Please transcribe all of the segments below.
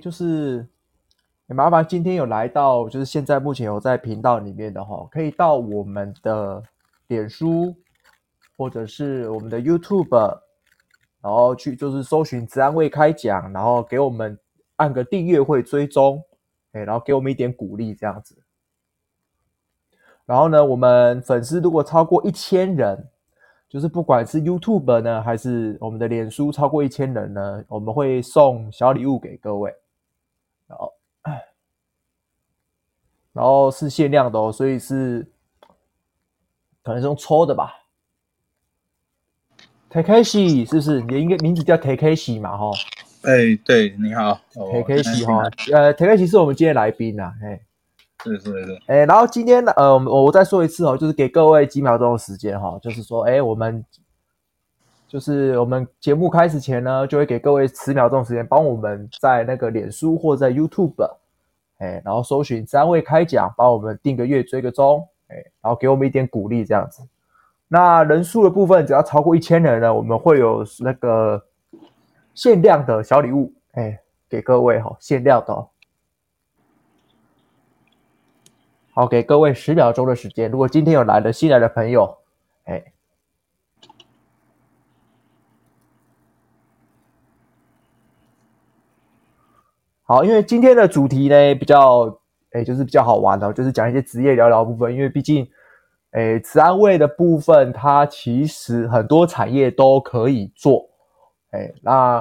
就是也麻煩今天有來到，就是現在目前有在頻道裡面的哈，可以到我們的臉書或者是我們的 YouTube，然後去就是搜尋“職安未開講”，然後給我們按個訂閱會追蹤，哎，然後給我們一點鼓勵這樣子。然後呢，我們粉絲如果超過一千人，就是不管是 YouTube 呢，還是我們的臉書超過一千人呢，我們會送小禮物給各位。然後是限量的哦，所以是可能是用抽的吧。Takeshi 是不是？你的名字叫 Takeshi 嘛、哦？哈。哎，對，你好 Takeshi 哈。呃 Takeshi 是我們今天的來賓吶、啊。哎、欸，是是是。哎、欸，然後今天呃，我我再說一次哦，就是給各位幾秒鐘的時間哈、哦，就是說，哎、欸，我們就是我們節目開始前呢，就會給各位十秒鐘的時間，幫我們在那個臉書或者在 YouTube。哎，然後搜尋三位開講，幫我們訂個閱追個蹤，哎，然後給我們一點鼓勵這樣子。那人數的部分，只要超過一千人呢，我們會有那個限量的小禮物，哎，給各位哈、哦，限量的、哦。好，給各位十秒鐘的時間。如果今天有來的新來的朋友，哎。好，因為今天的主題呢比較，哎，就是比較好玩的，就是講一些職業聊聊的部分。因為畢竟，哎，職安衛的部分，它其實很多產業都可以做。哎，那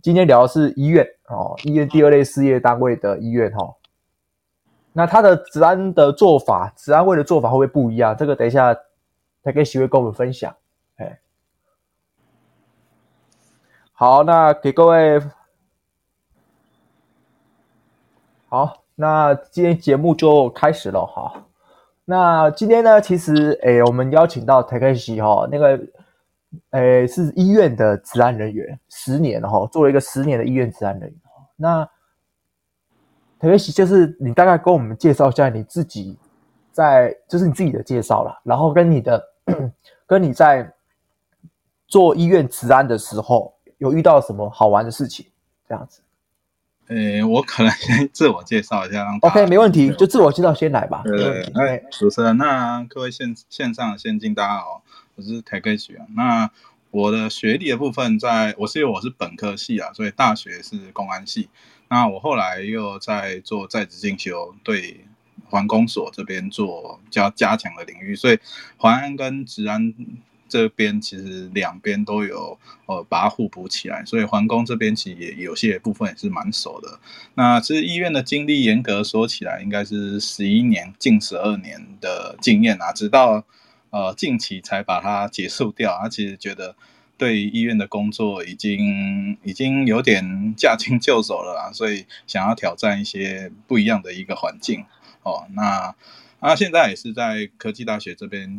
今天聊的是醫院哦，醫院第二類事業單位的醫院哦。那他的職安的做法，職安衛的做法會不會不一樣？這個等一下再跟幾位跟我們分享。哎，好，那給各位。好，那今天節目就開始了哈。那今天呢，其實誒、欸，我們邀請到 Takeshi 哈，那個誒、欸、是醫院的職安人員，十年哈、哦，做了一個十年的醫院職安人員。那 Takeshi 就是你大概跟我們介紹一下你自己在，就是你自己的介紹了，然後跟你的跟你在做醫院職安的時候，有遇到什麼好玩的事情？這樣子。誒、欸，我可能先自我介紹一下讓，讓 O.K. 沒問題，就自我介紹先來吧對對對。哎，主持人，那各位線線上先進，大家好。我是 Takeshi，那我的學歷的部分在，在我是因為我是本科系啊，所以大學是工安系。那我後來又在做在職進修，對環工所這邊做加加強的領域，所以環安跟職安。這邊其實兩邊都有，呃，把它互補起來，所以環工這邊其實也有些部分也是蠻熟的。那其實醫院的經歷，嚴格說起來，應該是十一年、近十二年的經驗啊，直到呃近期才把它結束掉。他其實覺得對醫院的工作已經已經有點駕輕就熟了啊，所以想要挑戰一些不一樣的一個環境哦。那啊，現在也是在科技大學這邊。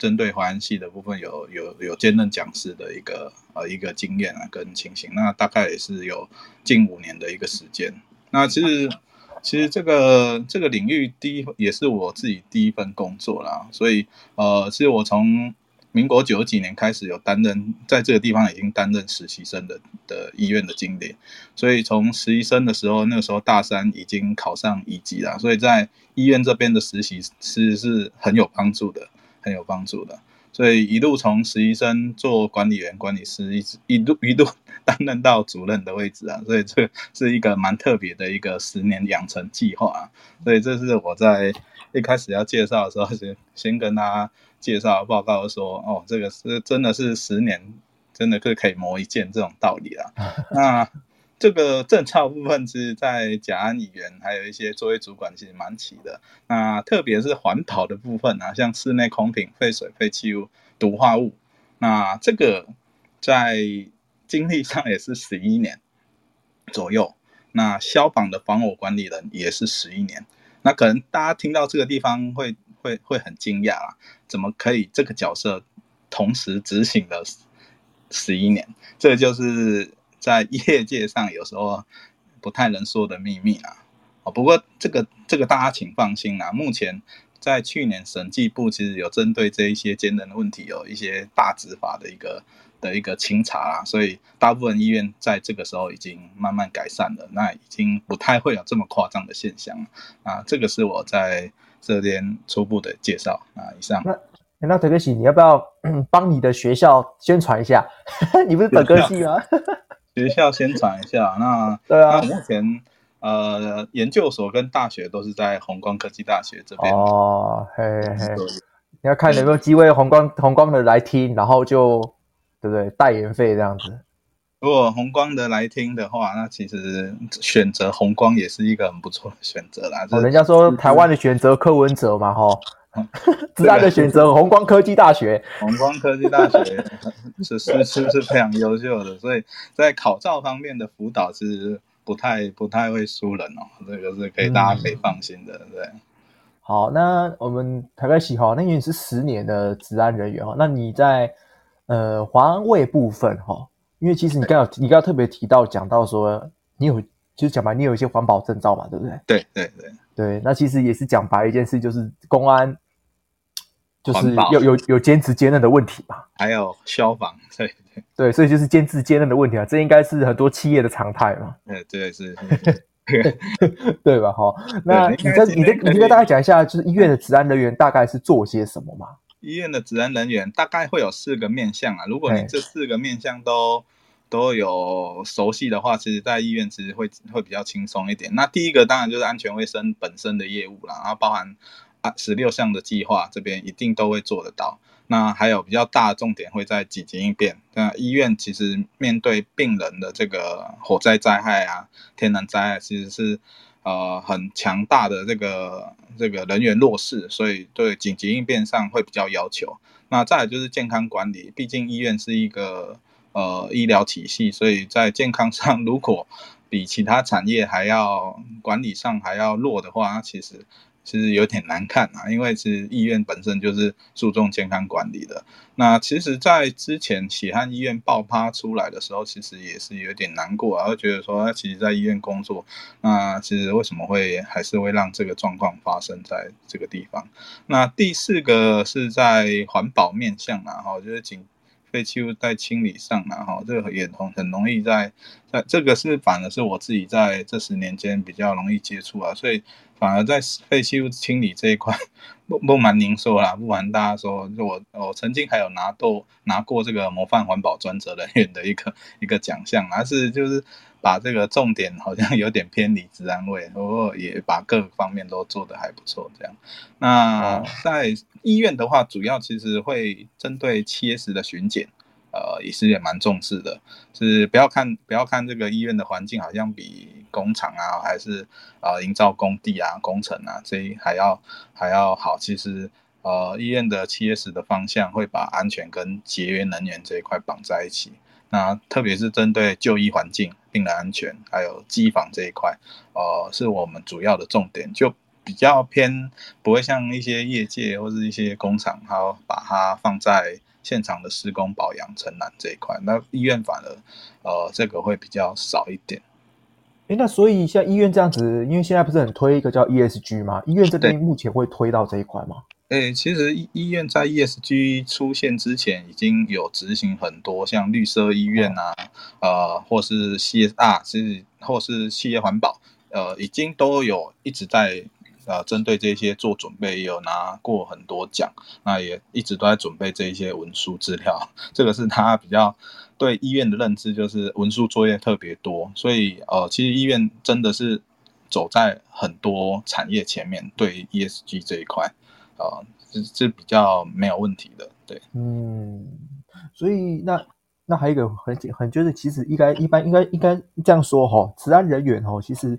針對環安系的部分，有有有兼任講師的一個呃一個經驗啊，跟情形，那大概也是有近五年的一個時間。那其實其實這個這個領域第一也是我自己第一份工作啦，所以呃，是我從民國九幾年開始有擔任，在這個地方已經擔任實習生的的醫院的經驗。所以從實習生的時候，那個時候大三已經考上乙級了，所以在醫院這邊的實習其實是，是很有幫助的。很有幫助的，所以一路從實習生做管理員、管理師，一直一路一路擔任到主任的位置啊，所以這是一個蠻特別的一個十年養成計劃啊。所以這是我在一開始要介紹的時候，先先跟他介紹報告說，哦，這個是真的是十年，真的是可以磨一劍這種道理啊。 那。這個政策部分是在甲安乙醛，還有一些作為主管，其實蠻齊的。那特別是環保的部分啊，像室內空瓶、廢水、廢棄物、毒化物，那這個在經歷上也是十一年左右。那消防的防火管理人也是十一年。那可能大家聽到這個地方會會會很驚訝啊，怎麼可以這個角色同時執行了十一年？這個就是。在業界上有時候不太能說的秘密、啊、不過這個這個大家請放心啦、啊。目前在去年審計部其實有針對這一些兼任的問題有一些大執法的一個的一個清查啊，所以大部分醫院在這個時候已經慢慢改善了，那已經不太會有這麼誇張的現象啊。這個是我在這邊初步的介紹啊。以上，那 Takeshi，你要不要幫你的學校宣傳一下？ 你不是本科系嗎？ 學校宣傳一下，那對啊，目前呃，研究所跟大學都是在弘光科技大學這邊哦，嘿、oh, hey, hey.，你要看有沒有機會弘光弘光的來聽，然後就、嗯、對不對代言費這樣子，如果弘光的來聽的話，那其實選擇弘光也是一個很不錯的選擇啦、哦。人家說台灣的選擇柯文哲嘛，吼。 職安的選擇、啊、弘光科技大學。 弘光科技大學是 是是是非常優秀的，所以在考照方面的輔導其實是不太不太會輸人哦，這個是可以、嗯、大家可以放心的，對。好，那我們台北喜哈，那因為你是十年的職安人員哈，那你在呃環安衛部分哈，因為其實你剛才有你剛才特別提到講到說，你有就是講白，你有一些環保證照嘛，對不對？對對對。對對，那其實也是講白一件事，就是工安就是有有有兼職兼任的問題嘛，還有消防，對對，對所以就是兼職兼任的問題啊，這應該是很多企業的常態嘛。嗯，對是，對，對，對， 對吧？哈， 那你再你再你跟大家講一下，就是醫院的職安人員大概是做些什麼嘛？醫院的職安人，人員大概會有四個面向啊，如果你這四個面向都、欸。都有熟悉的話，其實在醫院其實會會比較輕鬆一點。那第一個當然就是安全衛生本身的業務啦，然後包含啊十六項的計劃，這邊一定都會做得到。那還有比較大的重點會在緊急應變。那醫院其實面對病人的這個火災災害啊、天然災害，其實是呃很強大的這個這個人員弱勢，所以對緊急應變上會比較要求。那再來就是健康管理，畢竟醫院是一個。呃，醫療體系，所以在健康上，如果比其他產業還要管理上還要弱的話，其實其實有點難看啊，因為其實醫院本身就是注重健康管理的。那其實，在之前協和醫院爆發出來的時候，其實也是有點難過啊，覺得說、啊，其實在醫院工作，那其實為什麼會還是會讓這個狀況發生在這個地方？那第四個是在環保面向啊，哈，就是警。廢棄物在清理上，啊，然後這個也同很容易在在，這個是反而是我自己在這十年間比較容易接觸啊，所以反而在廢棄物清理這一塊，不不瞞您說啦，不瞞大家說，我我曾經還有拿到拿過這個模範環保專責人員的一個一個獎項，啊，但是就是。把這個重點好像有點偏離職安衛，不過也把各個方面都做得還不錯這樣。那在醫院的話，主要其實會針對七 S 的巡檢，呃，也是也蠻重視的。就是不要看不要看這個醫院的環境，好像比工廠啊，還是呃營造工地啊工程啊這一還要還要好。其實呃醫院的七 S 的方向會把安全跟節約能源這一塊綁在一起。那特別是針對就醫環境、病人安全，還有機房這一塊，呃，是我們主要的重點，就比較偏不會像一些業界或是一些工廠，它把它放在現場的施工保、保養、承攬這一塊。那醫院反而，呃，這個會比較少一點。誒、欸，那所以像醫院這樣子，因為現在不是很推一個叫 ESG 嗎？醫院這邊目前會推到這一塊嗎？誒，其實醫院在 ESG 出現之前，已經有執行很多像綠色醫院呐、啊，呃，或是 CSR 是或是企業環保，呃，已經都有一直在呃針對這些做準備，有拿過很多獎，那也一直都在準備這一些文書資料。這個是他比較對醫院的認知，就是文書作業特別多，所以呃，其實醫院真的是走在很多產業前面，對 ESG 這一塊。啊、呃，這這比較沒有問題的，對，嗯，所以那那還有一個很很就是其實應該一般應該應該這樣說哈，職安人員哦，其實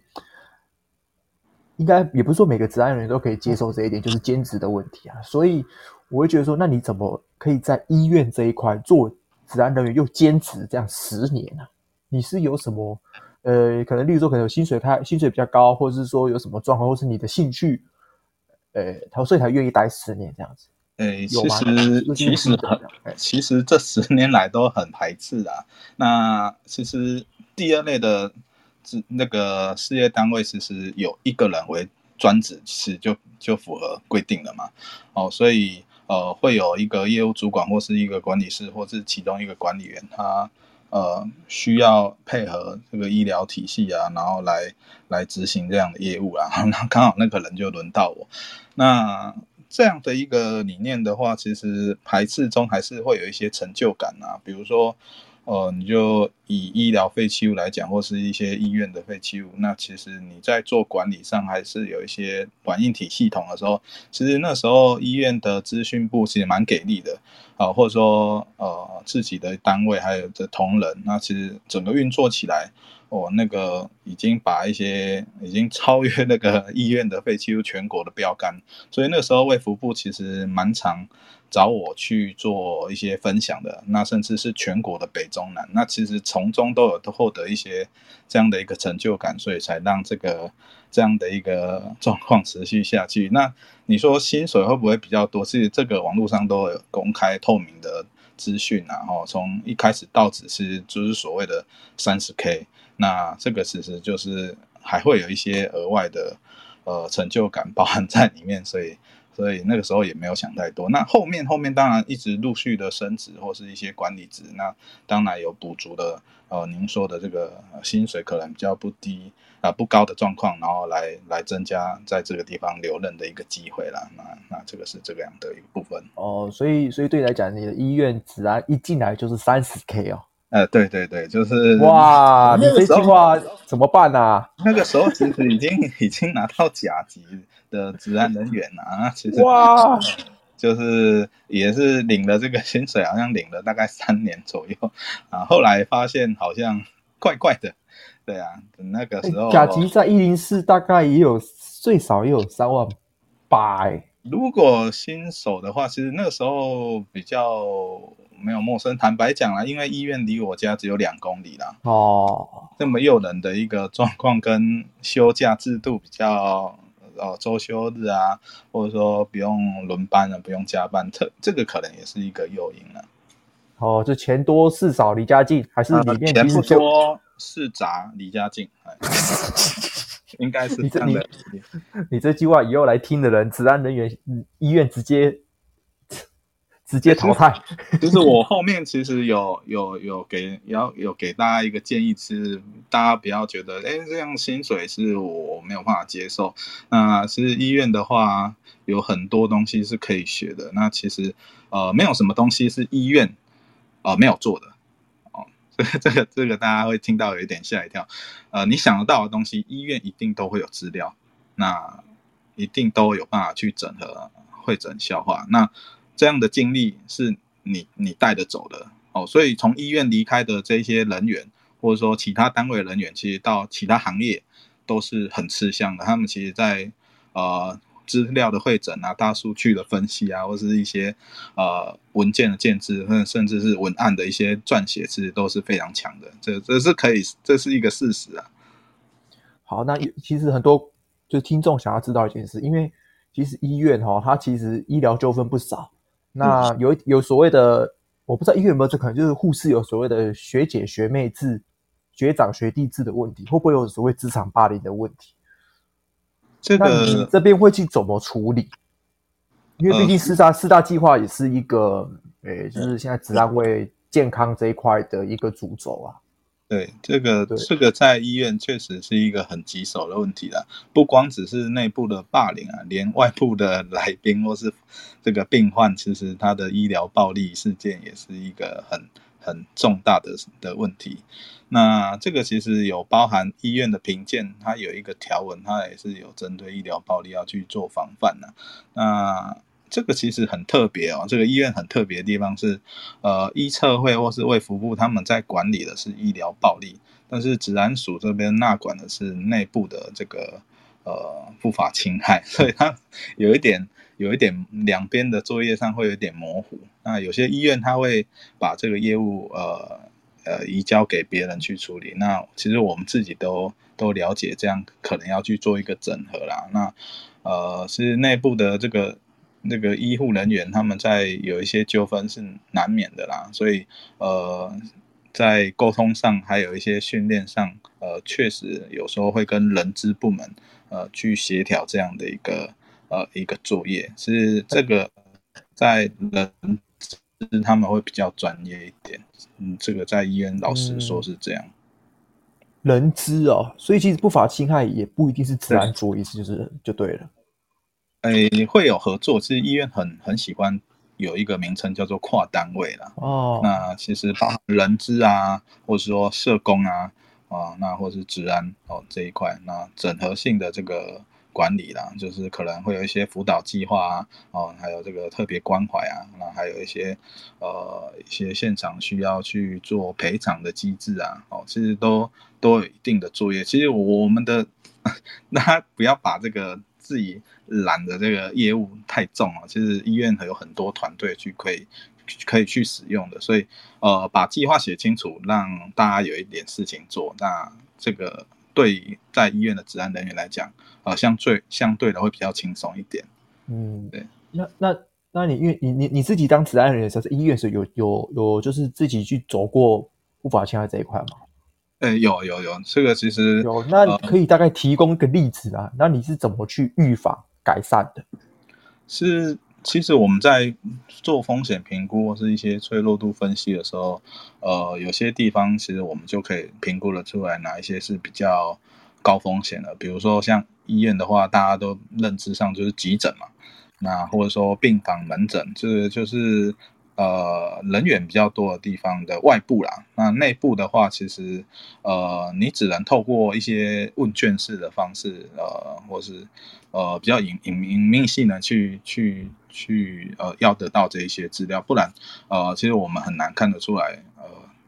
應該也不是說每個職安人員都可以接受這一點，就是兼職的問題啊，所以我會覺得說，那你怎麼可以在醫院這一塊做職安人員又兼職這樣十年呢？啊？你是有什麼呃，可能例如說可能有薪水太薪水比較高，或者是說有什麼狀況，或是你的興趣？呃、欸，所以他願意待十年這樣子。誒、欸，其實其實其實這十年來都很排斥啊。欸、那其實第二類的，那個事業單位，其實是有一個人為專職，是就就符合規定了嘛。哦，所以呃，會有一個業務主管或是一個管理師，或是其中一個管理員，他。呃，需要配合這個醫療體系啊，然後來來執行這樣的業務啊。那剛好那個人就輪到我。那這樣的一個理念的話，其實排斥中還是會有一些成就感啊。比如說。哦、呃，你就以醫療廢棄物來講，或是一些醫院的廢棄物，那其實你在做管理上還是有一些軟硬體系統的時候，其實那時候醫院的資訊部其實蠻給力的啊、呃，或者說呃自己的單位還有這同仁，那其實整個運作起來，哦、呃、那個已經把一些已經超越那個醫院的廢棄物全國的標杆，所以那時候衛福部其實蠻長。找我去做一些分享的，那甚至是全國的北中南，那其實從中都有都獲得一些這樣的一個成就感，所以才讓這個這樣的一個狀況持續下去。那你說薪水會不會比較多？是這個網絡上都有公開透明的資訊啊，哈，從一開始到只是就是所謂的三十 K，那這個其實就是還會有一些額外的呃成就感包含在裡面，所以。所以那個時候也沒有想太多。那後面後面當然一直陸續的升職或是一些管理職，那當然有補足的呃，您說的這個薪水可能比較不低啊、呃、不高的狀況，然後來來增加在這個地方留任的一個機會啦。那那這個是這樣的一個部分。哦，所以所以對你來講，你的醫院職安一進來就是三十 K 哦。呃，對對對，就是。哇，你這句話怎麼辦啊？那個時候其實已經已經拿到甲級。 的職安人員啊，其實，哇、呃，就是也是領了這個薪水，好像領了大概三年左右啊。後來發現好像怪怪的，對啊，那個時候甲級、欸、在一零四大概也有最少也有三萬八，如果新手的話，其實那個時候比較沒有陌生。坦白講啦，因為醫院離我家只有兩公里啦。哦，這麼誘人的一個狀況跟休假制度比較，哦，周休日啊，或者說不用輪班的、啊，不用加班，特這個可能也是一個誘因了、啊。哦，這錢多事少離家近，還是裡面錢多事雜離家近，哎、 應該該是 這樣的。你, 你這句話以後來聽的人，職安人員、嗯、醫院直接。直接淘汰，就是。就是我後面其實有有有給要有，有給大家一個建議，是大家不要覺得，哎、欸，這樣薪水是我沒有辦法接受。那其實醫院的話，有很多東西是可以學的。那其實呃，沒有什麼東西是醫院、呃、沒有做的。這個這個這個，這個、大家會聽到有一點嚇一跳。呃，你想得到的東西，醫院一定都會有資料，那一定都有辦法去整合，會整消化。那這樣的經歷是你你帶着走的哦，所以從醫院離開的這些人員，或者說其他單位人員，其實到其他行業都是很吃香的。他們其實在呃資料的會診啊、大數據的分析啊，或是一些呃文件的建置，哼，甚至是文案的一些撰寫，其實都是非常強的。這這是可以，這是一個事實啊。好，那其實很多就聽眾想要知道一件事，因為其實醫院哈、哦，它其實醫療糾紛不少。那有有所謂的，我不知道醫院有沒有這可能，就是護士有所謂的學姐學妹制、學長學弟制的問題，會不會有所謂職場霸凌的問題？這個，那你這邊會去怎麼處理？因為畢竟、呃、四大四大計劃也是一個，誒、欸，就是現在職安衛健康這一塊的一個主軸啊。對這個對，這個在醫院確實是一個很棘手的問題了。不光只是內部的霸凌啊，連外部的來賓或是這個病患，其實他的醫療暴力事件也是一個很很重大的的問題。那這個其實有包含醫院的評鑑，它有一個條文，它也是有針對醫療暴力要去做防範的、啊。那這個其實很特別哦,這個醫院很特別的地方是，呃，醫策會或是衛福部他們在管理的是醫療暴力，但是職安署這邊納管的是內部的這個呃不法侵害，所以它有一點有一點兩邊的作業上會有一點模糊。那有些醫院他會把這個業務呃呃移交給別人去處理，那其實我們自己都都了解，這樣可能要去做一個整合啦。那呃是內部的這個。那個醫護人員他們在有一些糾紛是難免的啦，所以呃，在溝通上還有一些訓練上，呃，確實有時候會跟人資部門呃去協調這樣的一個呃一個作業，是這個在人資他們會比較專業一點，嗯，這個在醫院老實說是這樣。嗯、人資哦，所以其實不法侵害也不一定是自然主義，次就是對就對了。誒、欸，會有合作。其實醫院很很喜歡有一個名稱叫做跨單位啦。哦，那其實把人資啊，或者說社工啊，啊、呃，那或者是職安哦這一塊，那整合性的這個管理啦，就是可能會有一些輔導計劃啊，哦、呃，還有這個特別關懷啊，那還有一些呃一些現場需要去做賠償的機制啊，哦、呃，其實都都有一定的作業。其實我們的那 不要把這個。自己攬的這個業務太重了，其實醫院還有很多團隊去可以可以去使用的，所以呃，把計劃寫清楚，讓大家有一點事情做，那這個對在醫院的職安人員來講，呃，相對相對的會比較輕鬆一點。嗯，對。那那那你因為你你你自己當職安人員的時候，在醫院是有有有就是自己去走過不法侵害這一塊嗎？欸、有有有，這個其實有，那可以大概提供一個例子啊、呃。那你是怎麼去預防改善的？是，其實我們在做風險評估或是一些脆弱度分析的時候，呃，有些地方其實我們就可以評估了出來，哪一些是比較高風險的。比如說像醫院的話，大家都認知上就是急診嘛，那或者說病房、門診，就是就是。呃，人員比較多的地方的外部啦，那內部的話，其實，呃，你只能透過一些問卷式的方式，呃，或是，呃，比較隱隱隱秘性的去去去，呃，要得到這一些資料，不然，呃，其實我們很難看得出來，呃，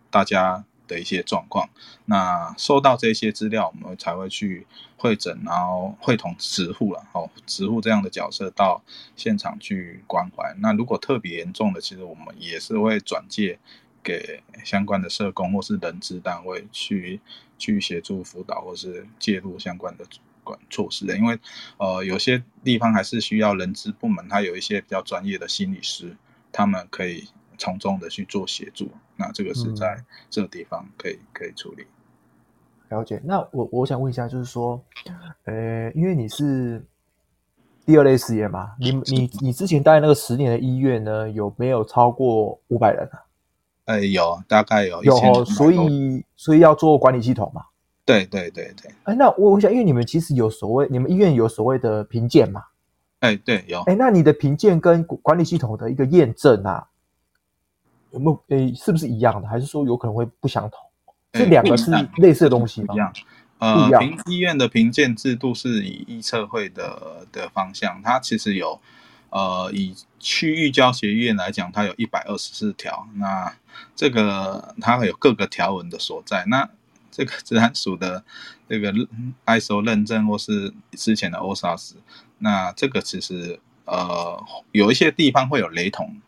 大家。的一些狀況，那收到這些資料，我們才會去會診，然後會同職護了哦，職護這樣的角色到現場去關懷。那如果特別嚴重的，其實我們也是會轉介給相關的社工或是人資單位去去協助輔導，或是介入相關的管措施的。因為呃，有些地方還是需要人資部門，它有一些比較專業的心理師，他們可以。從中的去做協助，那這個是在這個地方可以、嗯、可以處理。了解。那我我想問一下，就是說，呃，因為你是第二類事業嘛，你你你之前待在那個十年的醫院呢，有沒有超過五百人啊？哎、欸，有，大概有。有、哦，所以所以要做管理系統嘛？對對對對。哎、欸，那我想，因為你們其實有所謂，你們醫院有所謂的評鑑嘛？哎、欸，對，有。哎、欸，那你的評鑑跟管理系統的一個驗證啊？有沒有，誒、欸，是不是一樣的？還是說有可能會不相同？這兩個是類似的東西嗎？不一樣。呃，醫院的評鑑制度是以醫策會的的方向，它其實有呃，以區域教學醫院來講，它有一百二十四條。那這個它有各個條文的所在。那這個職安署的這個 ISO 認證或是之前的 OSAS，那這個其實呃，有一些地方會有雷同。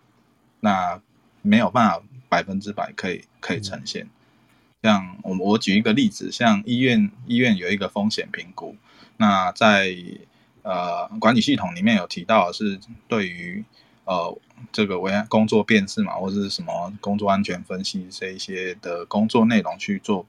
那沒有辦法百分之百可以可以呈現。像我我舉一個例子，像醫院醫院有一個風險評估，那在呃管理系統裡面有提到是對於呃這個維工作辨識嘛，或者是什麼工作安全分析這一些的工作內容去做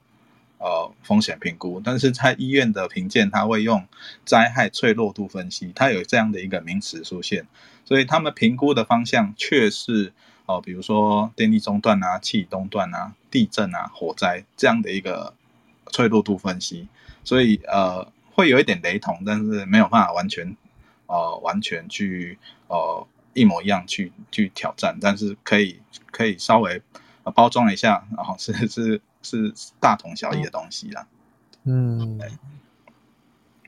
呃風險評估，但是在醫院的評鑑，它會用災害脆弱度分析，它有這樣的一個名詞出現，所以他們評估的方向確實。哦，比如說電力中斷啊、氣中斷啊、地震啊、火災這樣的一個脆弱度分析，所以呃會有一點雷同，但是沒有辦法完全、呃、完全去呃一模一樣去去挑戰，但是可以可以稍微包裝一下，然、呃、後是是是大同小異的東西啦。嗯，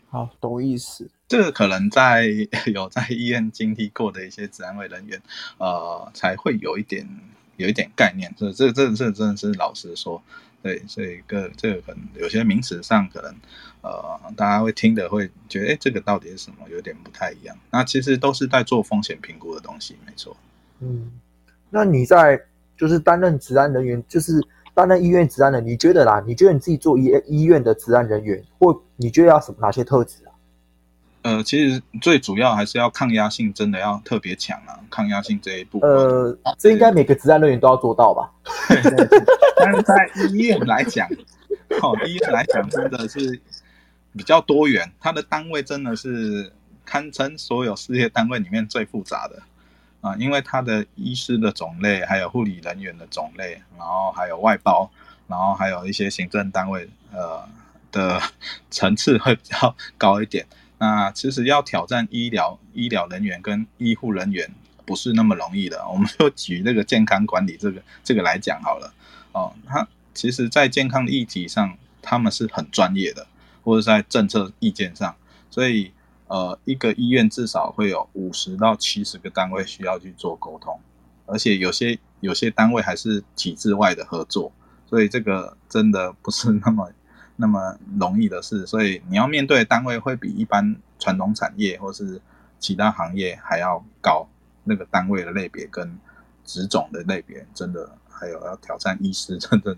好，懂我意思。這個可能在有在醫院經歷過的一些職安衛人員，呃，才會有一點有一點概念。這個、這個、這這個、真的是老實說，對這一個這個可能有些名詞上可能，呃，大家會聽的會覺得，哎，這個到底是什麼？有點不太一樣。那其實都是在做風險評估的東西，沒錯。嗯，那你在就是擔任職安人員，就是擔任醫院職安的，你覺得啦？你覺得你自己做醫醫院的職安人員，或你覺得要什麼，哪些特質？呃，其實最主要還是要抗壓性，真的要特別強啊！抗壓性這一部分，呃，這應該每個職安人員都要做到吧？對 但是在醫院來講， 哦，醫院來講真的是比較多元，它的單位真的是堪稱所有事業單位裡面最複雜的啊，呃！因為它的醫師的種類，還有護理人員的種類，然後還有外包，然後還有一些行政單位，呃，的層次會比較高一點。那、啊、其實要挑戰醫療醫療人員跟醫護人員不是那麼容易的。我們就舉那個健康管理這個這個來講好了。哦，他其實，在健康的議題上，他們是很專業的，或者在政策意見上，所以呃，一個醫院至少會有五十到七十個單位需要去做溝通，而且有些有些單位還是體制外的合作，所以這個真的不是那麼。那麼容易的事，所以你要面對的單位會比一般傳統產業或是其他行業還要高，那個單位的類別跟職種的類別，真的還有要挑戰醫師，真的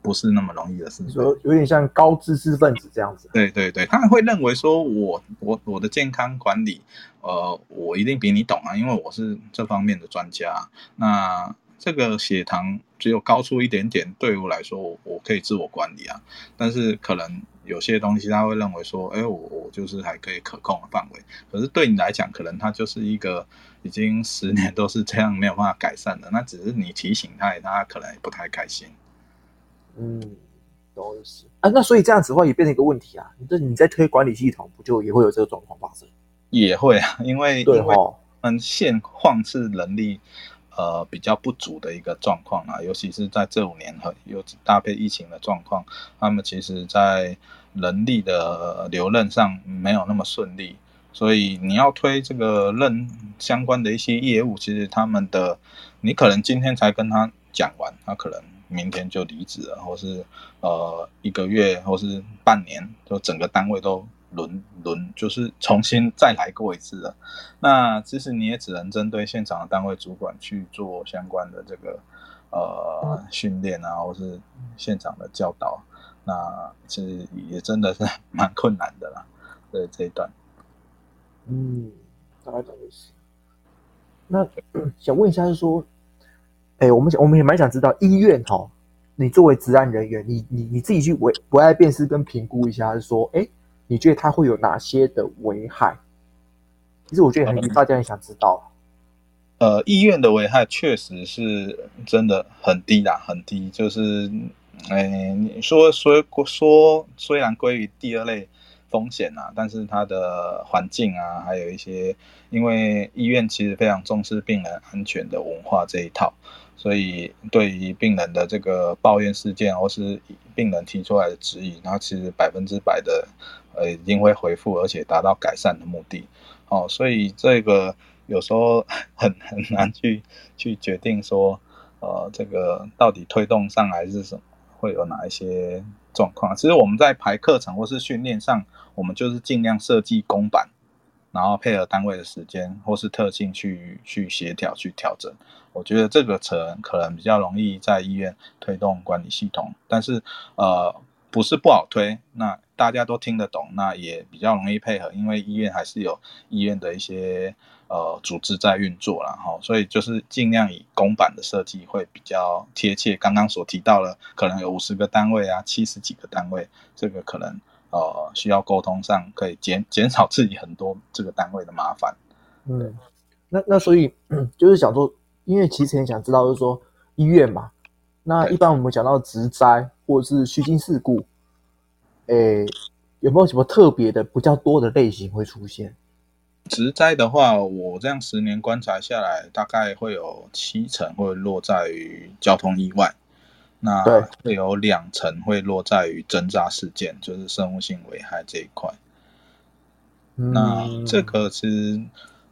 不是那麼容易的事情。有點像高知識分子這樣子。對對對，他們會認為說我，我我我的健康管理，呃，我一定比你懂啊，因為我是這方面的專家。那。這個血糖只有高出一點點，對我來說我，我可以自我管理啊。但是可能有些東西，他會認為說，哎，我我就是還可以可控的範圍。可是對你來講，可能他就是一個已經十年都是這樣沒有辦法改善的。那只是你提醒他，他可能也不太開心。嗯，都是啊。那所以這樣子的話，也變成一個問題啊。你你在推管理系統，不就也會有這個狀況發生？也會啊，因為對、哦、因為嗯，現況是能力。呃，比較不足的一個狀況啊，尤其是在這五年，尤其搭配疫情的狀況，他們其實在人力的留任上沒有那麼順利，所以你要推這個任相關的一些業務，其實他們的你可能今天才跟他講完，他可能明天就離職了，或是呃一個月或是半年，就整個單位都。輪輪就是重新再來過一次了。那其實你也只能針對現場的單位主管去做相關的這個呃訓練啊，或是現場的教導。那其實也真的是蠻困難的啦。在這一段，嗯，大概講這些。那想問一下，是說，哎、欸，我們想我們也蠻想知道醫院哦，你作為職安人員，你你你自己去危危害辨識跟評估一下，是說，哎、欸。你覺得它會有哪些的危害？其實我覺得很，嗯，大家也想知道。呃，醫院的危害確實是真的很低啦，啊，很低。就是，哎，欸，你說說說，雖然歸於第二類風險吶，啊，但是它的環境啊，還有一些，因為醫院其實非常重視病人安全的文化這一套，所以對於病人的這個抱怨事件或是病人提出來的質疑，然後其實百分之百的。呃，一定會回復，而且達到改善的目的。哦，所以這個有時候很很難去去決定說，呃，這個到底推動上來是什麼，會有哪一些狀況？其實我們在排課程或是訓練上，我們就是盡量設計公版，然後配合單位的時間或是特性去去協調去調整。我覺得這個層可能比較容易在醫院推動管理系統，但是呃，不是不好推那。大家都聽得懂，那也比較容易配合，因為醫院還是有醫院的一些呃組織在運作啦哈，所以就是儘量以公版的設計會比較貼切。剛剛所提到了，可能有五十個單位啊，七十幾個單位，這個可能呃需要溝通上可以減減少自己很多這個單位的麻煩。嗯，那那所以就是想說，因為其實很想知道就是說醫院嘛，那一般我們講到職災或者是虛驚事故。誒、欸，有沒有什麼特別的、比較多的類型會出現？職災的話，我這樣十年觀察下來，大概會有七成會落在於交通意外，那會有兩成會落在於針扎事件，就是生物性危害這一塊、嗯。那這個其實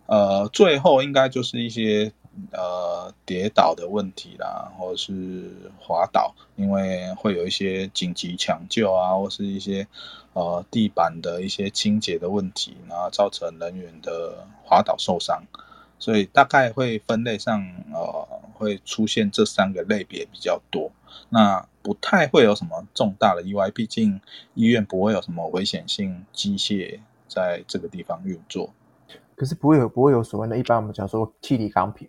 呃，最後應該就是一些。呃，跌倒的問題啦，或是滑倒，因為會有一些緊急搶救啊，或是一些呃地板的一些清潔的問題，然後造成人員的滑倒受傷，所以大概會分類上呃會出現這三個類別比較多，那不太會有什麼重大的意外，畢竟醫院不會有什麼危險性機械在這個地方運作。可是不會有，不會有所謂的一般我們講說氣體鋼瓶。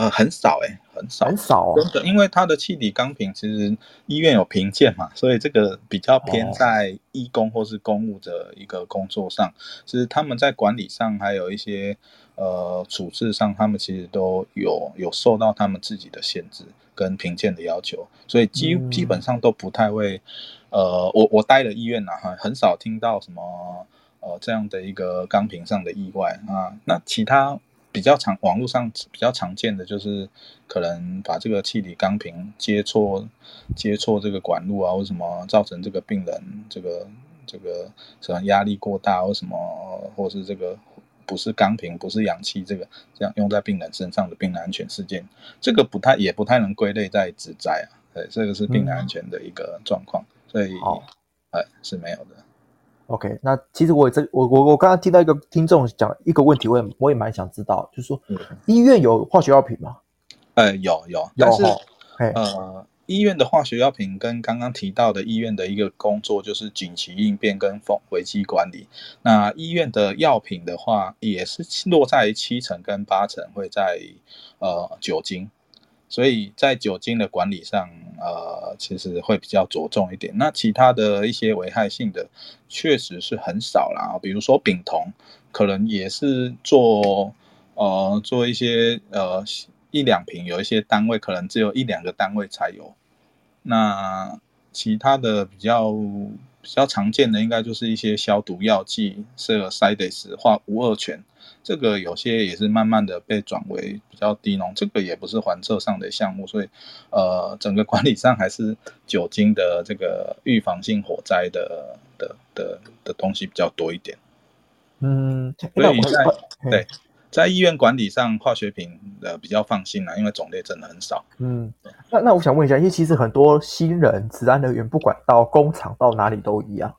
呃，很少誒、欸，很少，很少、啊、真的因為因為它的氣體鋼瓶其實醫院有評鑑嘛，所以這個比較偏在醫工或是公務的一個工作上、哦。其實他們在管理上還有一些呃處置上，他們其實都有有受到他們自己的限制跟評鑑的要求，所以基基本上都不太會、嗯、呃，我我待的醫院吶，哈，很少聽到什麼呃這樣的一個鋼瓶上的意外啊。那其他。比較常網絡上比較常見的就是，可能把這個氣體鋼瓶接錯，接錯這個管路啊，或什麼造成，這個病人這個這個什麼壓力過大，或什麼，或是這個不是鋼瓶，不是氧氣，這個這樣用在病人身上的病人安全事件，這個不太也不太能歸類在職災啊，對，這個是病人安全的一個狀況、嗯，所以哎、哦欸、是沒有的。OK，那其實我這我我我剛剛聽到一個聽眾講一個問題我，我也我也蠻想知道，就是說、嗯、醫院有化學藥品嗎？呃，有有，有，但是、哦、呃、嗯，醫院的化學藥品跟剛剛提到的醫院的一個工作就是緊急應變跟風危機管理。那醫院的藥品的話，也是落在七成跟八成會在呃酒精。所以在酒精的管理上，呃，其實會比較着重一點。那其他的一些危害性的，確實是很少啦。比如說丙酮，可能也是做，呃，做一些，呃，一兩瓶，有一些單位可能只有一兩個單位才有。那其他的比較。比較常見的應該就是一些消毒藥劑，是 Cidex 或戊二醛，這個有些也是慢慢的被轉為比較低濃，這個也不是環測上的項目，所以，呃，整個管理上還是酒精的這個預防性火災的的的的，的東西比較多一點。嗯，那我們在、嗯、對。在醫院管理上，化學品呃比較放心啦，啊，因為種類真的很少。嗯，那那我想問一下，因為其實很多新人，職安人員不管到工廠到哪裡都一樣。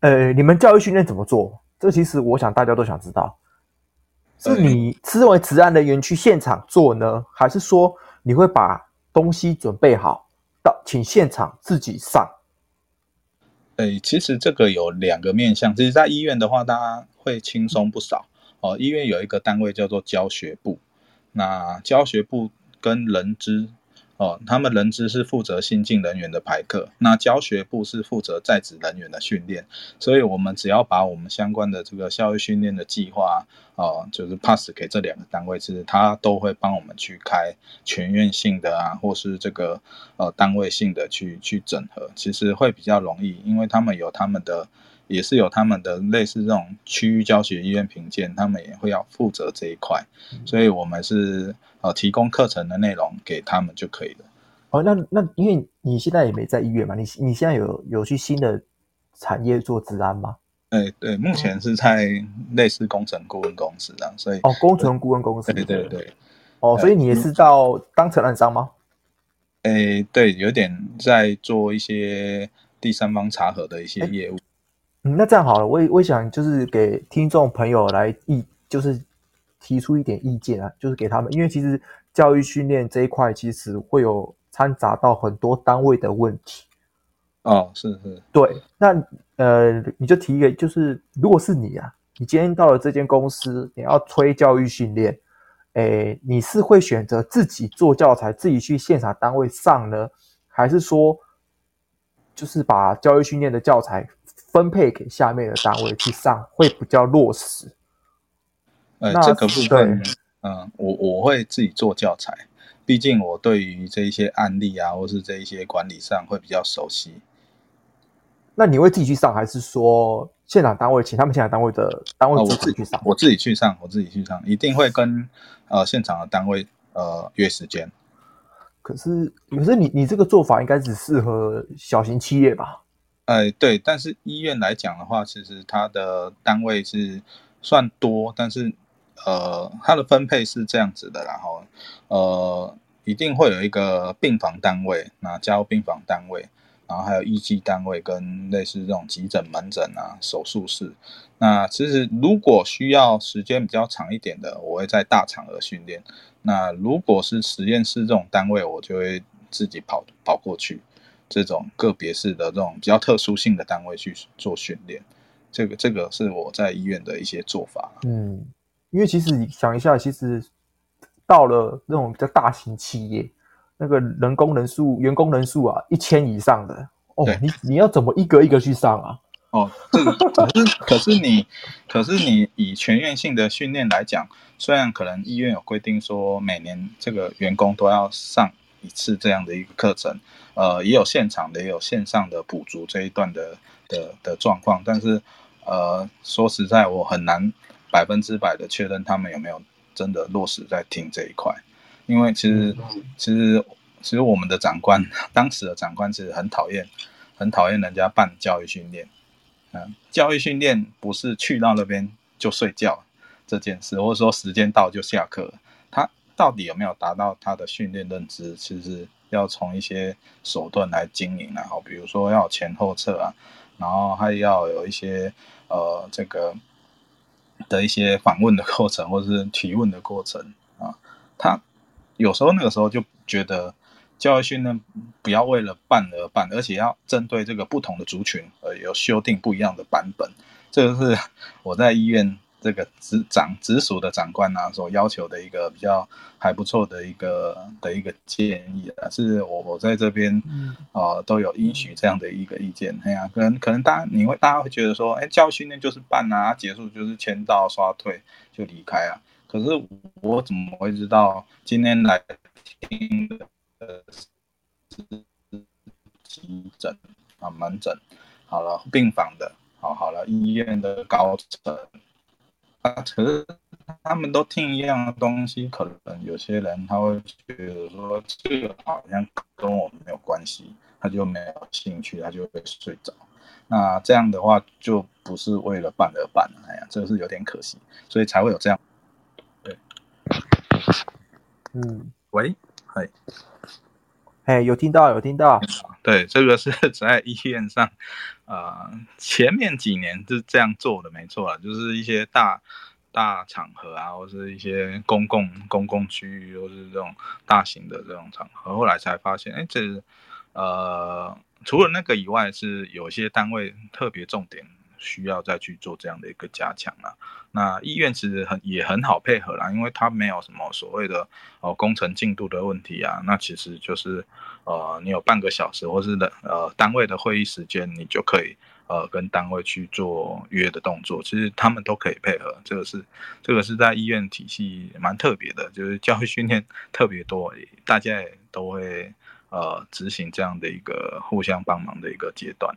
呃，你們教育訓練怎麼做？這其實我想大家都想知道，是你作為職安人員去現場做呢，還是說你會把東西準備好，到請現場自己上？誒，其實這個有兩個面向，其實在醫院的話，大家會輕鬆不少。嗯。哦，醫院有一個單位叫做教學部，那教學部跟人資，哦，他們人資是負責新進人員的排課，那教學部是負責在職人員的訓練，所以我們只要把我們相關的這個教育訓練的計劃，哦，就是 pass 給這兩個單位，其實他都會幫我們去開全院性的啊，或是這個呃單位性的去去整合，其實會比較容易，因為他們有他們的。也是有他們的類似這種區域教學醫院評鑑，他們也會要負責這一塊，嗯，所以我們是呃提供課程的內容給他們就可以了。哦，那那因為你現在也沒在醫院嘛，你你現在有有去新的產業做職安嗎？哎對，對，目前是在類似工程顧問公司這樣，所以哦工程顧問公司對對對。哦，所以你也是到當承攬商嗎？哎、嗯、欸、對，有點在做一些第三方查核的一些業務。欸嗯，那這樣好了，我我想就是給聽眾朋友來意，就是提出一點意見啊，就是給他們，因為其實教育訓練這一塊其實會有摻雜到很多單位的問題。哦，是是，對，那呃，你就提一個，就是如果是你啊，你今天到了這間公司，你要催教育訓練，哎、呃，你是會選擇自己做教材，自己去現場單位上呢？還是說，就是把教育訓練的教材，分配給下面的單位去上會比較落實。呃、哎，這個部分，嗯、呃，我我會自己做教材，畢竟我對於這一些案例啊，或是這一些管理上會比較熟悉。那你會自己去上，還是說現場單位請他們現場單位的單位？哦、我自己，自己去上，我自己去上，我自己去上，一定會跟呃現場的單位呃約時間。可是，可是你你這個做法應該只適合小型企業吧？哎，對，但是醫院來講的話，其實它的單位是算多，但是呃，它的分配是這樣子的，然後呃，一定會有一個病房單位，那加入病房單位，然後還有醫技單位跟類似這種急診、門診啊、手術室。那其實如果需要時間比較長一點的，我會在大場合訓練；那如果是實驗室這種單位，我就會自己跑跑過去。這種個別式的這種比較特殊性的單位去做訓練，這個這個是我在醫院的一些做法。嗯，因為其實你想一下，其實到了那種比較大型企業，那個人工人數、員工人數啊，一千以上的哦，你你要怎麼一個一個去上啊？哦，這個可是 可是你可是你以全院性的訓練來講，雖然可能醫院有規定說每年這個員工都要上。一次這樣的一個課程，呃，也有現場的，也有線上的補足這一段的的的狀況。但是，呃，說實在，我很難百分之百的確認他們有沒有真的落實在聽這一塊，因為其實、嗯、其實其實我們的長官，當時的長官是很討厭很討厭人家辦教育訓練，嗯、呃，教育訓練不是去到那邊就睡覺這件事，或者說時間到就下課，他。到底有沒有達到他的訓練認知？其實要從一些手段來經營啊，然後比如說要前後測啊，然後還要有一些呃這個的一些訪問的過程，或者是提問的過程啊。他有時候那個時候就覺得教育訓練不要為了辦而辦，而且要針對這個不同的族群而有修訂不一樣的版本。這個是我在醫院。這個直長直屬的長官啊，所要求的一個比較還不錯的一個的一個建議。但、啊、是我我在這邊啊、呃、都有應許這樣的一個意見。哎、嗯、呀，可能可能大家你會大家會覺得說，哎，教訓練就是辦啊，結束就是簽到刷退就離開啊，可是我怎麼會知道今天來聽的是急診啊、門診好了、病房的，好好了醫院的高層。啊，可是他們都聽一樣的東西，可能有些人他會覺得說這個好像跟我沒有關係，他就沒有興趣，他就會睡着。那這樣的話就不是為了辦而辦了，哎呀，這個是有點可惜，所以才會有這樣。對，嗯，喂，哎。嘿，有聽到有聽到，對，這個是在醫院上。呃，前面幾年是這樣做的，沒錯啊，就是一些大大場合啊，或者是一些公共公共區域，或是這種大型的這種場合。後來才發現，哎、欸，這呃，除了那個以外，是有些單位特別重點需要再去做這樣的一個加強了、啊。那醫院其實很也很好配合啦，因為它沒有什麼所謂的哦、呃、工程進度的問題啊，那其實就是。呃，你有半個小時，或是呃單位的會議時間，你就可以呃跟單位去做約的動作。其實他們都可以配合，這個是這個是在醫院體系蠻特別的，就是教育訓練特別多，大家也都會呃執行這樣的一個互相幫忙的一個階段。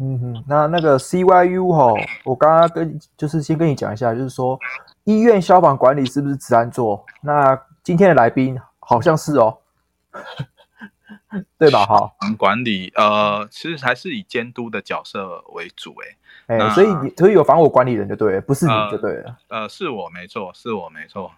嗯哼，那那個 C Y U 吼，我剛剛跟就是先跟你講一下，就是說醫院消防管理是不是職安做？那今天的來賓好像是哦。 對吧？哈。管理呃，其實還是以監督的角色為主誒，哎、欸、所以所以有防火管理人就對了，不是你就對了呃，呃，是我沒錯，是我沒錯，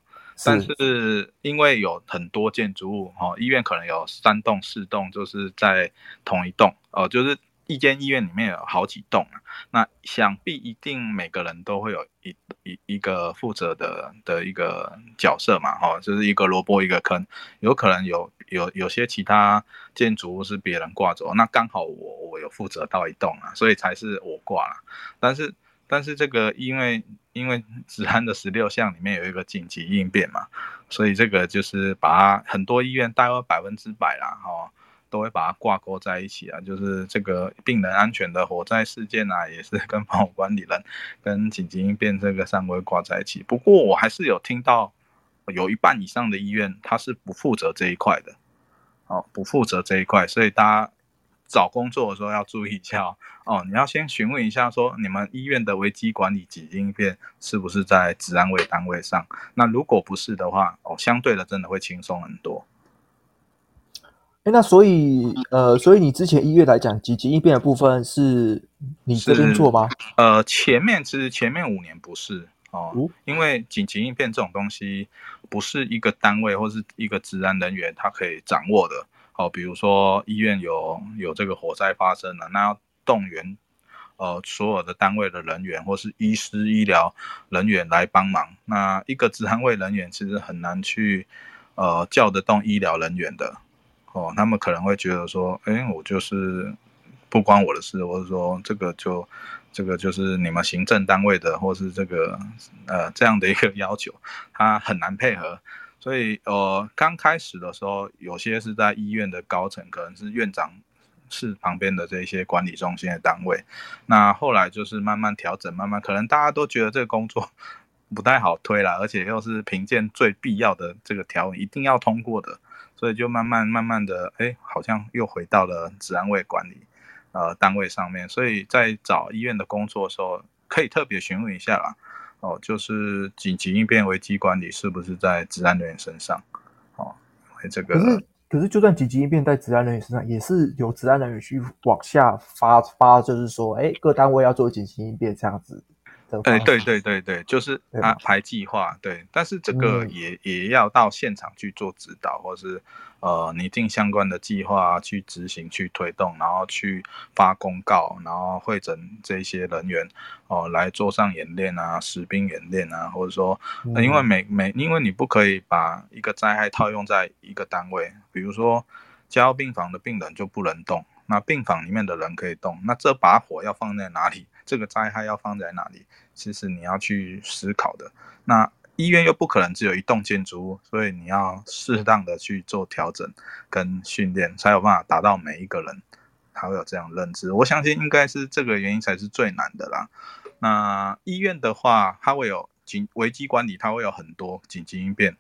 但是因為有很多建築物，哦，醫院可能有三棟四棟，就是在同一棟哦、呃，就是一間醫院裡面有好幾棟啊，那想必一定每個人都會有一一一、一個負責的的一個角色嘛，哦，就是一個蘿蔔一個坑，有可能有。有有些其他建築物是別人掛走，那剛好我我有負責到一棟啊，所以才是我掛了。但是但是這個因為因為子涵的十六項裡面有一個緊急應變嘛，所以這個就是把他很多醫院大概百分之百啦，哦，都會把它掛鈎在一起啊。就是這個病人安全的火災事件啊，也是跟防火管理人跟緊急應變這個三個會掛在一起。不過我還是有聽到，有一半以上的醫院他是不負責這一塊的。哦，不負責這一塊，所以大家找工作的時候要注意一下哦。哦，你要先詢問一下，說你們醫院的危機管理及應變是不是在職安衛單位上？那如果不是的話，哦，相對的真的會輕鬆很多。哎、欸，那所以，呃，所以你之前醫院來講，緊急應變的部分是你這邊做嗎？呃，前面其實前面五年不是。哦，因為緊急應變這種東西，不是一個單位或是一個職安人員他可以掌握的。哦，比如說醫院有有這個火災發生了，那要動員，呃，所有的單位的人員，或是醫師醫療人員來幫忙。那一個職安衛人員其實很難去，呃，叫得動醫療人員的。哦，他們可能會覺得說，哎，我就是不關我的事，或者說這個就。這個就是你們行政單位的，或是這個呃這樣的一個要求，他很難配合。所以，呃，剛開始的時候，有些是在醫院的高層，可能是院長室旁邊的這一些管理中心的單位。那後來就是慢慢調整，慢慢可能大家都覺得這個工作不太好推了，而且又是評鑑最必要的這個條文，一定要通過的。所以就慢慢慢慢的，哎，好像又回到了職安衛管理。呃，單位上面，所以在找醫院的工作的時候，可以特別詢問一下啦。哦，就是緊急應變危機管理是不是在職安人員身上？哦，這個可是，可是就算緊急應變在職安人員身上，也是由職安人員去往下發發，就是說，哎，各單位要做緊急應變這樣子。哎，對對對對，就是安、啊、排計劃，對，但是這個也、嗯、也要到現場去做指導，或者是呃擬定相關的計劃去執行、去推動，然後去發公告，然後會診這些人員哦、呃、來做上演練啊、實兵演練啊，或者說，呃、因為每每因為你不可以把一個災害套用在一個單位，嗯、比如說加護病房的病人就不能動，那病房裡面的人可以動，那這把火要放在哪裡？這個災害要放在哪裡，其實你要去思考的。那醫院又不可能只有一棟建築物，所以你要適當的去做調整跟訓練，才有辦法達到每一個人他會有這樣認知。我相信應該是這個原因才是最難的啦。那醫院的話，它會有緊急危機管理，它會有很多緊急應變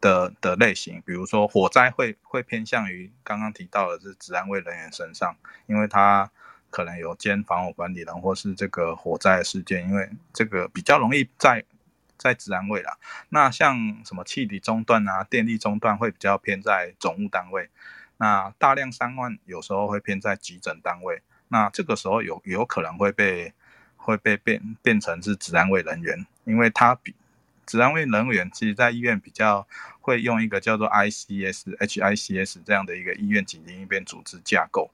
的的類型，比如說火災會會偏向於剛剛提到的是職安衛人員身上，因為它。可能有兼防火管理人，或是這個火災事件，因為這個比較容易在在職安衛啦。那像什麼氣體中斷啊、電力中斷會比較偏在總務單位。那大量傷患有時候會偏在急診單位。那這個時候有有可能會被會被變變成是職安衛人員，因為他比職安衛人員其實在醫院比較會用一個叫做 ICS、HICS 這樣的一個醫院緊急應變組織架構。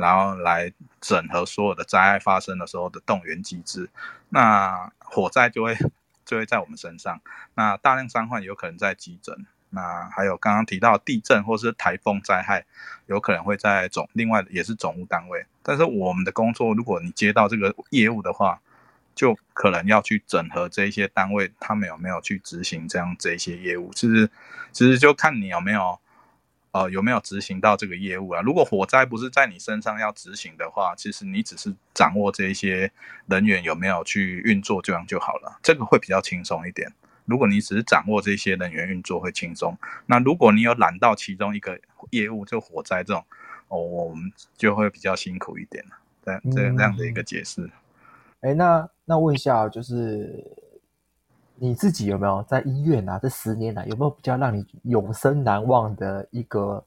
然後來整合所有的災害發生的時候的動員機制，那火災就會就會在我們身上，那大量傷患有可能在急診，那還有剛剛提到地震或是台風災害，有可能會在總另外也是總務單位，但是我們的工作，如果你接到這個業務的話，就可能要去整合這些單位，他們有沒有去執行這樣這些業務，其實其實就看你有沒有。呃，有沒有執行到這個業務啊？如果火災不是在你身上要執行的話，其實你只是掌握這一些人員有沒有去運作這樣就好了，這個會比較輕鬆一點。如果你只是掌握這些人員運作會輕鬆，那如果你有攬到其中一個業務，就火災這種，呃，我們就會比較辛苦一點了。這樣這樣的一個解釋。哎、嗯，欸，那那問一下，就是。你自己有沒有在醫院啊？這十年來有沒有比較讓你永生難忘的一個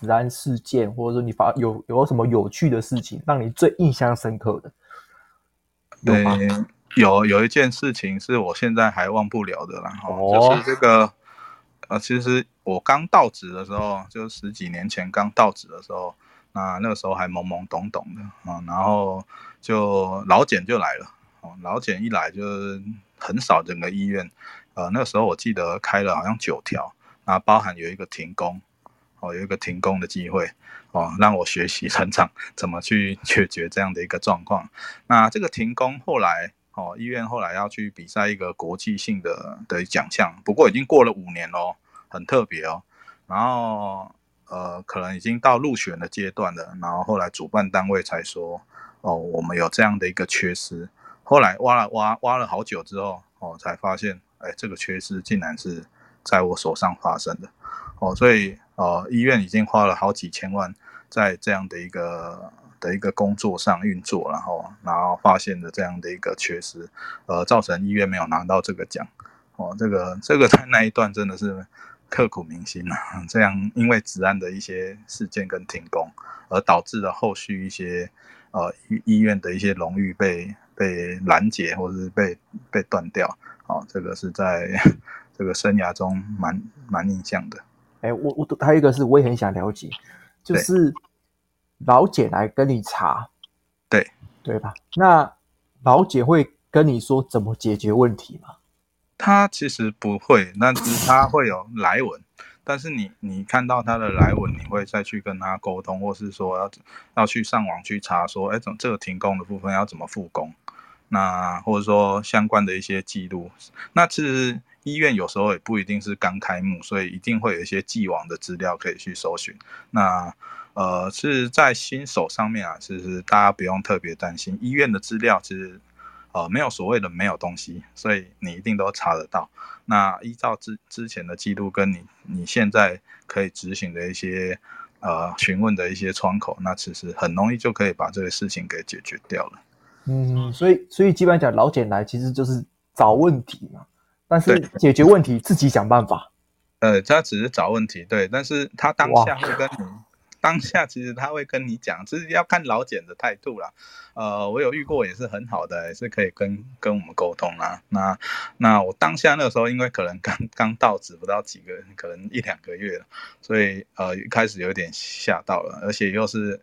職安事件，或者說你發有有什麼有趣的事情，讓你最印象深刻的？有嗎？對，有，有一件事情是我現在還忘不了的啦。哦，就是這個，呃，其實我剛到職的時候，就是十幾年前剛到職的時候，那那個時候還懵懵懂懂的啊，然後就勞檢就來了，勞檢一來就很少整個醫院，呃，那時候我記得開了好像九條，那包含有一個停工，哦，有一個停工的機會，哦，讓我學習成長，怎麼去解決這樣的一個狀況。那這個停工後來，哦，醫院後來要去比賽一個國際性的的獎項，不過已經過了五年咯，很特別哦。然後，呃，可能已經到入選的階段了。然後後來主辦單位才說，哦，我們有這樣的一個缺失。後來挖了挖，挖了好久之後，哦，才發現，哎、欸，這個缺失，竟然是在我手上發生的，哦，所以，呃，醫院已經花了好幾千萬在這樣的一個的一個工作上運作，然後，然後發現了這樣的一個缺失，呃，造成醫院沒有拿到這個獎，哦，這個這個在那一段真的是刻骨銘心啊，這樣，因為職安的一些事件跟停工，而導致了後續一些呃醫院的一些榮譽被被攔截或是被被斷掉，哦，這個是在這個生涯中蠻蠻印象的。哎，我我還有一個是我也很想了解，就是老姐來跟你查，對對吧？那老姐會跟你說怎麼解決問題嗎？她其實不會，但是她會有來文， 但是你你看到她的來文，你會再去跟她溝通，或是說要要去上網去查說，說哎，怎麼這個停工的部分要怎麼復工？那或者說相關的一些記錄，那其實醫院有時候也不一定是剛開幕，所以一定會有一些既往的資料可以去搜尋。那呃是在新手上面啊，其實大家不用特別擔心，醫院的資料其實呃沒有所謂的沒有東西，所以你一定都查得到。那依照之之前的記錄跟你你現在可以執行的一些呃詢問的一些窗口，那其實很容易就可以把這個事情給解決掉了。嗯，所以所以基本上講，勞檢來其實就是找問題嘛，但是解決問題自己想辦法。呃，他只是找問題，對，但是他當下會跟你，當下其實他會跟你講，就是要看勞檢的態度啦。呃，我有遇過也是很好的，也是可以跟跟我們溝通啦。那那我當下那個時候，因為可能剛剛到職不到幾個，可能一兩個月，所以呃開始有點嚇到了，而且又是。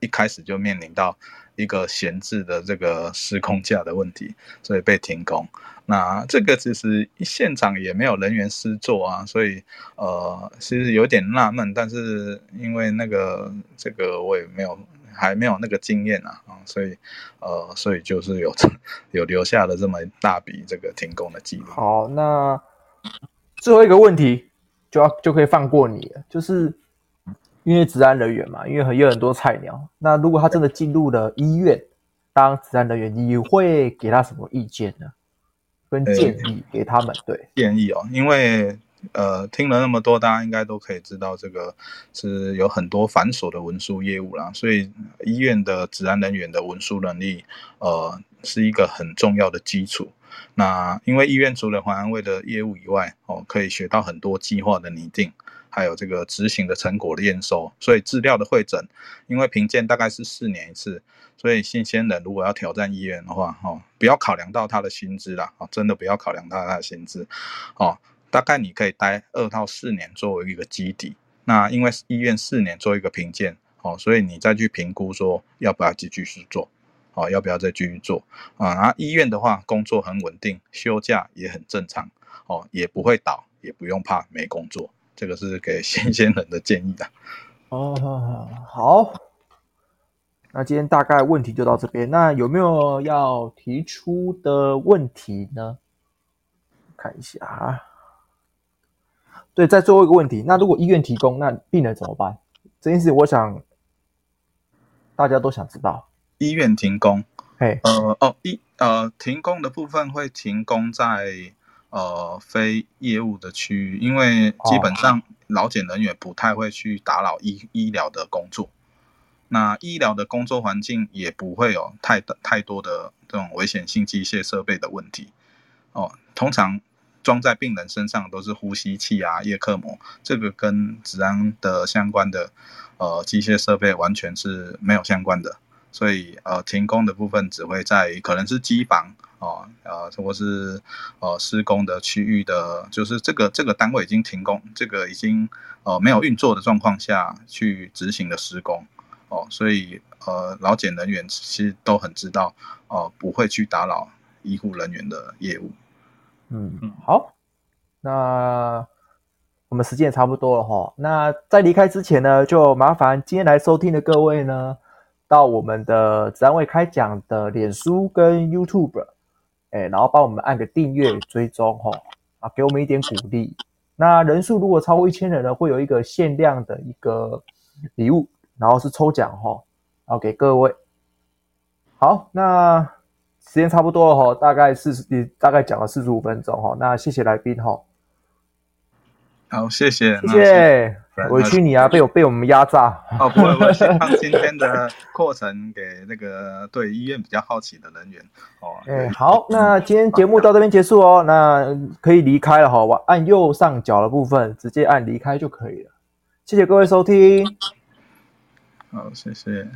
一開始就面臨到一個閒置的這個施工架的問題，所以被停工。那這個其實現場也沒有人員施作啊，所以呃，其實有點納悶。但是因為那個這個我也沒有還沒有那個經驗啊，所以呃，所以就是有有留下了這麼一大筆這個停工的記錄。好，那最後一個問題就要就可以放過你了，就是。因為職安人員嘛，因為有很多菜鳥。那如果他真的進入了醫院、欸、當職安人員，你會給他什麼意見呢？跟建議給他們、欸、對建議哦。因為呃，聽了那麼多，大家應該都可以知道，這個是有很多繁瑣的文書業務啦。所以醫院的職安人員的文書能力，呃，是一個很重要的基礎。那因為醫院除了環安衛的業務以外，哦，可以學到很多計劃的擬定。還有這個執行的成果的驗收，所以資料的彙整，因為評鑑大概是四年一次，所以新鮮人如果要挑戰醫院的話，哦，不要考量到他的薪資啦，哦，真的不要考量到他的薪資，哦，大概你可以待二到四年作為一個基底。那因為醫院四年做一個評鑑，哦，所以你再去評估說要不要繼續去做，哦，要不要再繼續做啊？醫院的話，工作很穩定，休假也很正常，哦，也不會倒，也不用怕沒工作。這個是給新鮮人的建議的哦。哦，好，那今天大概問題就到這邊。那有沒有要提出的問題呢？看一下啊。對，在最後一個問題。那如果醫院停工，那病人怎麼辦？這件事我想大家都想知道。醫院停工？嘿呃，哦，呃，停工的部分會停工在。呃，非業務的區域，因為基本上勞檢人員不太會去打擾醫醫療的工作，哦、那醫療的工作環境也不會有太大太多的這種危險性機械設備的問題。哦，通常裝在病人身上都是呼吸器啊、葉克膜，這個跟職安的相關的呃機械設備完全是沒有相關的，所以呃停工的部分只會在可能是機房。啊，啊，或是呃施工的區域的，就是這個這個單位已經停工，這個已經呃沒有運作的狀況下去執行的施工哦、呃，所以呃勞檢人員其實都很知道哦、呃，不會去打擾醫護人員的業務嗯。嗯，好，那我們時間也差不多了哈，那在離開之前呢，就麻煩今天來收聽的各位呢，到我們的單位開講的臉書跟 YouTube。哎，然後幫我們按個訂閱追蹤哦，啊，給我們一點鼓勵。那人數如果超過一千人呢，會有一個限量的一個禮物，然後是抽獎哦，然後給各位。好，那時間差不多了哦，大概四十，大概講了四十五分鐘哦，那謝謝來賓哦。好，謝謝，謝謝，我委屈你啊，被我被我們壓榨。好、哦，不會不會，我我先放今天的課程給那個對醫院比較好奇的人員。哦，哎、好、嗯，那今天節目到這邊結束哦，嗯、那可以離開了哈，我按右上角的部分直接按離開就可以了。謝謝各位收聽，好，謝謝。